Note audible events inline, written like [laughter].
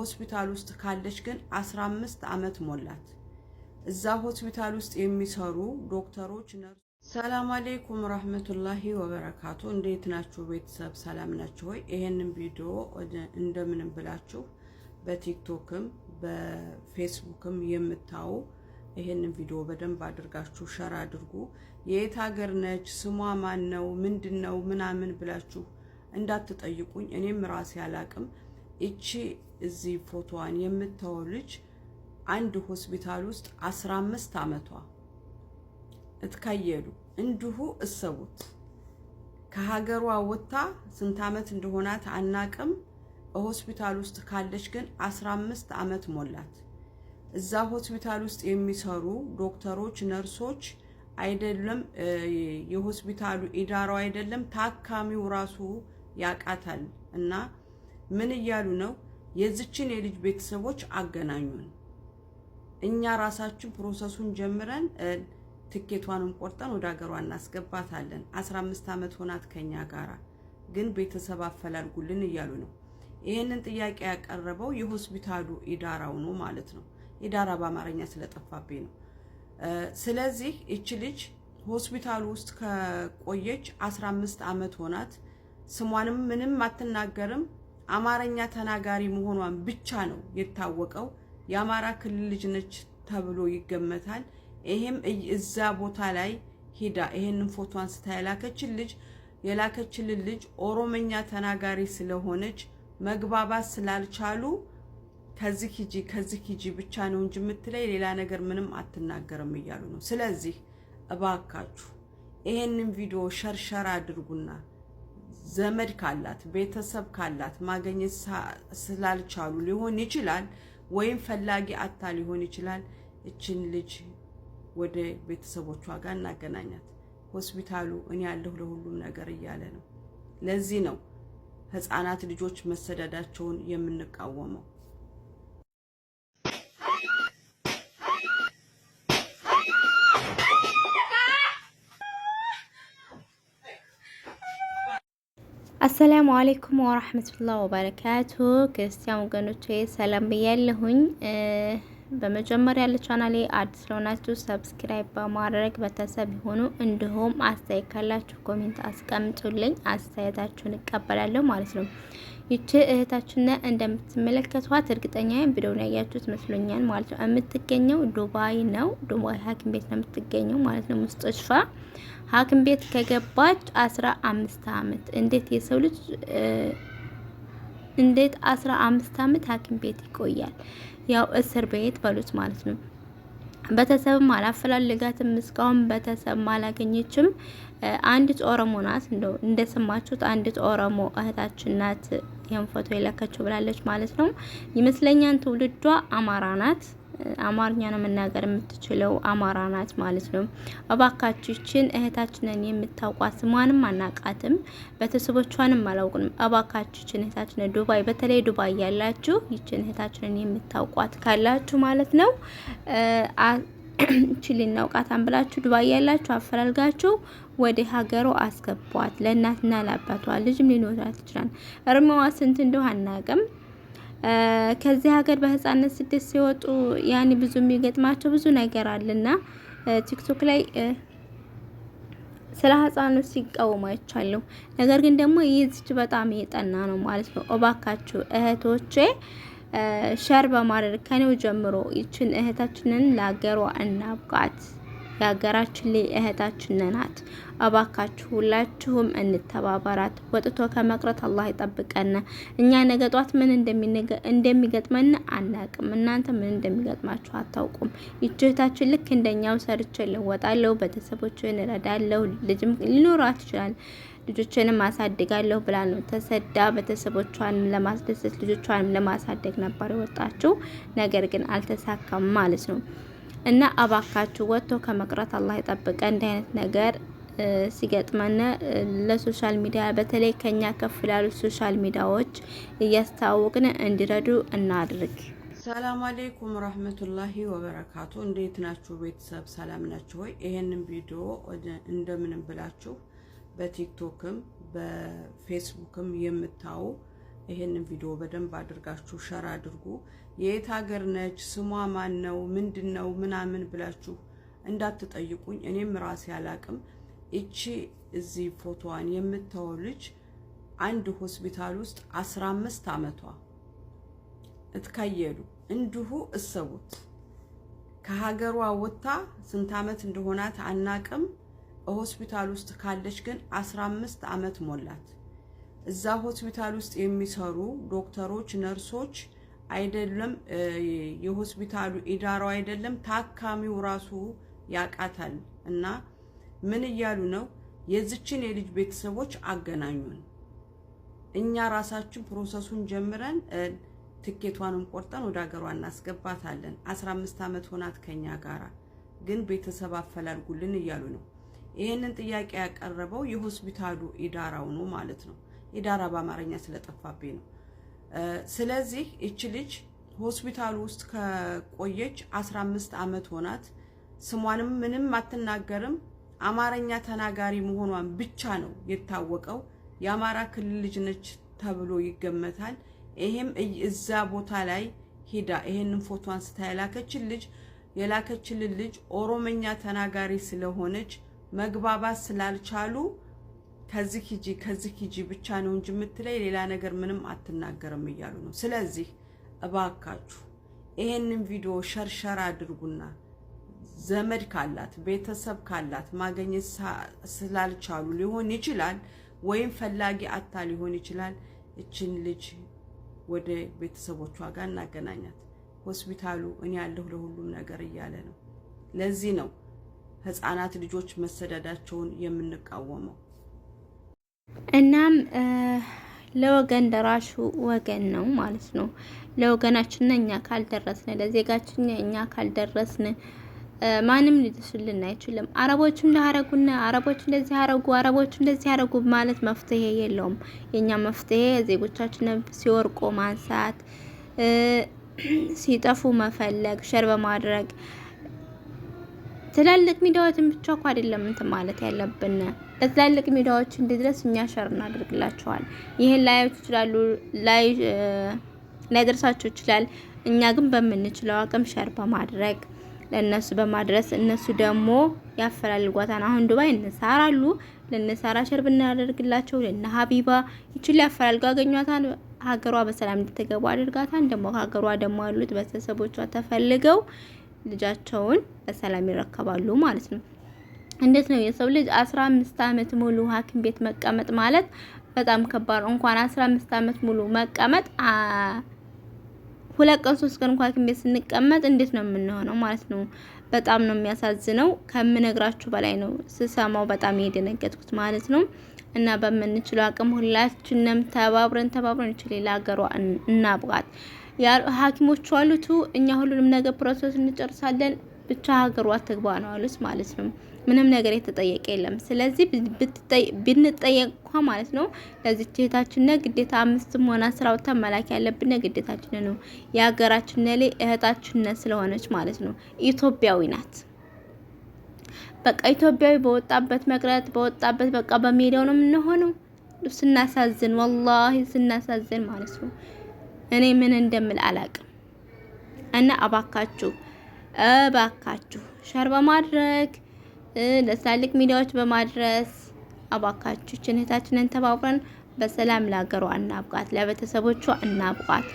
ሆስፒታል ውስጥ ካለች ግን 15 ዓመት ሞላት። እዛ ሆስፒታል ውስጥ የሚሰሩ ዶክተሮች ነርሱ ሰላም አሌይኩም ረህመቱላሂ ወበረካቱ። እንዴት ናችሁ ቤተሰብ? ሰላም ናችሁ ሆይ? ይሄንን ቪዲዮ እንደምንም ብላችሁ በቲክቶክም በፌስቡክም የምታዩ ይሄንን ቪዲዮ በደንብ አድርጋችሁ ሸር አድርጉ። የየት ሀገር ነች፣ ስሟ ማን ነው፣ ምንድን ነው ምናምን ብላችሁ እንዳትጠይቁኝ። እኔም ራሴ አላቅም። እቺ እዚህ ፎቶዋን የምታው ልጅ አንድ ሆስፒታል ውስጥ 15 አመቷ እትካየሉ እንዲሁ እሰቡት። ከሀገሯ ወጥታ ስንት አመት እንደሆናት አናቅም። ሆስፒታል ውስጥ ካለች ግን 15 አመት ሞላት። እዛ ሆስፒታል ውስጥ የሚሰሩ ዶክተሮች፣ ነርሶች አይደለም የሆስፒታሉ ኢዳራው አይደለም ታካሚው ራሱ ያቃታል። እና ምን እያሉ ነው? የዚችን የልጅ ቤተሰቦች አገናኙን፣ እኛ ራሳችን ፕሮሰሱን ጀምረን ትኬቷንም ቆርጠን ወደ ሀገሯ እናስገባታለን። 15 ዓመት ሆናት ከኛ ጋራ ግን ቤተሰብ አፈላልጉልን እያሉ ነው። ይህንን ጥያቄ ያቀረበው የሆስፒታሉ ኢዳራው ነው ማለት ነው። ኢዳራ በአማርኛ ስለጠፋብኝ ነው። ስለዚህ እቺ ልጅ ሆስፒታል ውስጥ ከቆየች 15 ዓመት ሆናት። ስሟንም ምንም አትናገርም። አማርኛ ተናጋሪ መሆኗን ብቻ ነው የታወቀው። የአማራ ክልል ልጅ ነች ተብሎ ይገመታል። ይሄም እዛ ቦታ ላይ ሂዳ ይሄንን ፎቶ አንስታ የላከችን ልጅ የላከችልን ልጅ ኦሮመኛ ተናጋሪ ስለሆነች መግባባት ስላልቻሉ ከዚህ ሂጂ ከዚህ ሂጂ ብቻ ነው እንጂ የምትለይ ሌላ ነገር ምንም አትናገርም እያሉ ነው። ስለዚህ እባካችሁ ይሄንን ቪዲዮ ሸርሸር አድርጉና ዘመድ ካላት ቤተሰብ ካላት ማገኘት ስላልቻሉ ሊሆን ይችላል፣ ወይም ፈላጊ አታ ሊሆን ይችላል። እችን ልጅ ወደ ቤተሰቦቿ ጋር እናገናኛት። ሆስፒታሉ እኔ ያለሁ ለሁሉም ነገር እያለ ነው። ለዚህ ነው ህፃናት ልጆች መሰደዳቸውን የምንቃወመው። አሰላሙ አሌይኩም ወራህመቱላህ ወበረካቱ። ክርስቲያን ወገኖቼ ሰላም ብያለሁኝ። በመጀመሪያ ለቻናሌ አዲስ ለሆናችሁ ሰብስክራይብ በማድረግ ቤተሰብ የሆኑ እንዲሁም አስተያየት ካላችሁ ኮሜንት አስቀምጡልኝ፣ አስተያየታችሁን እቀበላለሁ ማለት ነው። ይቺ እህታችን እንደምትመለከቷት እርግጠኛ ነኝ ቪዲዮውን ያያችሁት መስሎኛል ማለት ነው። የምትገኘው ዱባይ ነው። ዱባይ ሐኪም ቤት ነው የምትገኘው ማለት ነው። ሙስጠሽፋ ሐኪም ቤት ከገባች አስራ አምስት አመት እንዴት የሰው ልጅ እንዴት አስራ አምስት አመት ሐኪም ቤት ይቆያል? ያው እስር ቤት በሉት ማለት ነው። ቤተሰብም አላፈላልጋትም። እስካሁን በተሰብ አላገኘችም። አንድ ኦሮሞ ናት። እንደው እንደሰማችሁት አንድ ኦሮሞ እህታችን ናት ይህን ፎቶ የለከችው ብላለች ማለት ነው። ይመስለኛን ትውልዷ አማራ ናት። አማርኛ ነው መናገር የምትችለው አማራ ናት ማለት ነው። እባካችችን እህታችንን የምታውቋት ስሟንም አናቃትም፣ ቤተሰቦቿንም አላውቅንም። እባካችችን እህታችን ዱባይ፣ በተለይ ዱባይ ያላችሁ ይችን እህታችንን የምታውቋት ካላችሁ ማለት ነው [clears throat] እቺ ልናውቃታን ብላችሁ ዱባይ ያላችሁ አፈላልጋችሁ ወደ ሀገሩ አስገቧት። ለእናትና ለአባቷ ልጅም ሊኖራት ይችላል። እርሜዋ ስንት እንደው አናቅም። ከዚህ ሀገር በህፃነት ስደት ሲወጡ ያን ብዙ የሚገጥማቸው ብዙ ነገር አለና ቲክቶክ ላይ ስለ ህፃኑ ሲቃወሙ አይቻለሁ። ነገር ግን ደግሞ ይህች በጣም የጠና ነው ማለት ነው። እባካችሁ እህቶቼ ሸር በማድረግ ከኔው ጀምሮ ይችን እህታችንን ለሀገሯ እናብቃት። የሀገራችን ላይ እህታችን ናት። አባካችሁ ሁላችሁም እንተባበራት። ወጥቶ ከመቅረት አላህ ይጠብቀን። እኛ ነገ ጧት ምን እንደሚገጥመን አናቅም። እናንተ ምን እንደሚገጥማችሁ አታውቁም። ይች እህታችን ልክ እንደኛው ሰርቼ ልወጣለሁ፣ ቤተሰቦችን እረዳለሁ፣ ልጅም ሊኖራት ይችላል ልጆችንም አሳድጋለሁ ብላ ነው ተሰዳ። ቤተሰቦቿንም ለማስደሰት ልጆቿንም ለማሳደግ ነበር የወጣችው። ነገር ግን አልተሳካም ማለት ነው። እና አባካችሁ ወጥቶ ከመቅረት አላህ ይጠብቀ። እንዲህ አይነት ነገር ሲገጥመን ለሶሻል ሚዲያ በተለይ ከኛ ከፍ ላሉ ሶሻል ሚዲያዎች እያስተዋወቅን እንዲረዱ እናድርግ። ሰላም አሌይኩም ረህመቱላሂ ወበረካቱ። እንዴት ናችሁ ቤተሰብ? ሰላም ናችሁ ወይ? ይሄንን ቪዲዮ እንደምንም ብላችሁ በቲክቶክም በፌስቡክም የምታዩ ይህንን ቪዲዮ በደንብ አድርጋችሁ ሸር አድርጉ። የየት ሀገር ነች፣ ስሟ ማን ነው፣ ምንድን ነው ምናምን ብላችሁ እንዳትጠይቁኝ። እኔም ራሴ አላቅም። እቺ እዚህ ፎቶዋን የምታየው ልጅ አንድ ሆስፒታል ውስጥ አስራ አምስት አመቷ እትካየሉ እንዲሁ እሰቡት። ከሀገሯ ወጥታ ስንት አመት እንደሆናት አናቅም። ሆስፒታል ውስጥ ካለች ግን አምስት አመት ሞላት። እዛ ሆስፒታል ውስጥ የሚሰሩ ዶክተሮች፣ ነርሶች አይደለም የሆስፒታሉ ኢዳራው አይደለም ታካሚው ራሱ ያቃታል። እና ምን እያሉ ነው? የዝችን የልጅ ቤተሰቦች አገናኙን፣ እኛ ራሳችን ፕሮሰሱን ጀምረን ትኬቷንም ቆርጠን ወደ ሀገሯ እናስገባታለን። 15 ዓመት ሆናት ከኛ ጋራ ግን ቤተሰብ አፈላልጉልን እያሉ ነው። ይህንን ጥያቄ ያቀረበው የሆስፒታሉ ኢዳራው ነው ማለት ነው። የዳራ በአማርኛ ስለጠፋብኝ ነው። ስለዚህ እች ልጅ ሆስፒታል ውስጥ ከቆየች 15 ዓመት ሆናት። ስሟንም ምንም አትናገርም። አማርኛ ተናጋሪ መሆኗን ብቻ ነው የታወቀው። የአማራ ክልል ልጅ ነች ተብሎ ይገመታል። ይሄም እዛ ቦታ ላይ ሂዳ ይሄንን ፎቶ አንስታ የላከችን ልጅ የላከችልን ልጅ ኦሮመኛ ተናጋሪ ስለሆነች መግባባት ስላልቻሉ ከዚህ ሂጂ ከዚህ ሂጂ ብቻ ነው እንጂ የምትለይ ሌላ ነገር ምንም አትናገርም እያሉ ነው። ስለዚህ እባካችሁ ይሄንን ቪዲዮ ሸርሸር አድርጉና ዘመድ ካላት ቤተሰብ ካላት ማገኘት ስላልቻሉ ሊሆን ይችላል፣ ወይም ፈላጊ አታ ሊሆን ይችላል። እችን ልጅ ወደ ቤተሰቦቿ ጋር እናገናኛት። ሆስፒታሉ እኔ ያለሁ ለሁሉም ነገር እያለ ነው። ለዚህ ነው ህፃናት ልጆች መሰደዳቸውን የምንቃወመው። እናም ለወገን ደራሹ ወገን ነው ማለት ነው። ለወገናችን እኛ ካልደረስን፣ ለዜጋችን እኛ ካልደረስን ማንም ሊደርስልን አይችልም። አረቦች እንዳረጉና አረቦች እንደዚህ አረጉ፣ አረቦች እንደዚህ አረጉ ማለት መፍትሄ የለውም። የኛ መፍትሄ ዜጎቻችንን ሲወርቁ ማንሳት፣ ሲጠፉ መፈለግ፣ ሸር በማድረግ ትላልቅ ሚዲያዎችን ብቻ እኮ አይደለም እንትን ማለት ያለብን ለትላልቅ ሚዲያዎች እንዲደርስ እኛ ሸር እናደርግላቸዋል። ይህን ትችላሉ ላይ ላይደርሳቸው ይችላል። እኛ ግን በምንችለው አቅም ሸር በማድረግ ለእነሱ በማድረስ እነሱ ደግሞ ያፈላልጓታን። አሁን ዱባይ እነሳራ አሉ። ለነሳራ ሸር ብናደርግላቸው ለነ ሀቢባ ይችል ያፈላልጋ አገኟታን። ሀገሯ በሰላም እንድትገቡ አድርጋታን። ደግሞ ከሀገሯ ደግሞ ያሉት ቤተሰቦቿ ተፈልገው ልጃቸውን በሰላም ይረከባሉ ማለት ነው። እንዴት ነው የሰው ልጅ 15 ዓመት ሙሉ ሐኪም ቤት መቀመጥ ማለት በጣም ከባድ ነው። እንኳን 15 ዓመት ሙሉ መቀመጥ ሁለት ቀን ሶስት ቀን እንኳን ሐኪም ቤት ስንቀመጥ እንዴት ነው የምንሆነው ማለት ነው። በጣም ነው የሚያሳዝነው። ከምነግራችሁ በላይ ነው ስሰማው በጣም የደነገጥኩት ማለት ነው። እና በምንችለው አቅም ሁላችንም ተባብረን ተባብረን ይችል ለሀገሯ እናብቃት። ሐኪሞቹ አሉቱ እኛ ሁሉንም ነገር ፕሮሰስ እንጨርሳለን ብቻ ሀገሯ ትግባ ነው አሉት ማለት ነው። ምንም ነገር የተጠየቀ የለም። ስለዚህ ብንጠየቅ እንኳ ማለት ነው ለዚች እህታችን ግዴታ አምስትም ሆነ አስራ ወጥታ መላክ ያለብን ግዴታችን ነው። የሀገራችን ላይ እህታችን ስለሆነች ማለት ነው ኢትዮጵያዊ ናት። በቃ ኢትዮጵያዊ በወጣበት መቅረት በወጣበት በቃ በሜዳው ነው የምንሆነው። ስናሳዝን ወላሂ ስናሳዝን ማለት ነው። እኔ ምን እንደምል አላቅም። እና እባካችሁ እባካችሁ ሸር በማድረግ ለትላልቅ ሚዲያዎች በማድረስ አባካችሁ እህታችንን ተባብረን በሰላም ለሀገሯ እናብቃት፣ ለቤተሰቦቿ እናብቃት።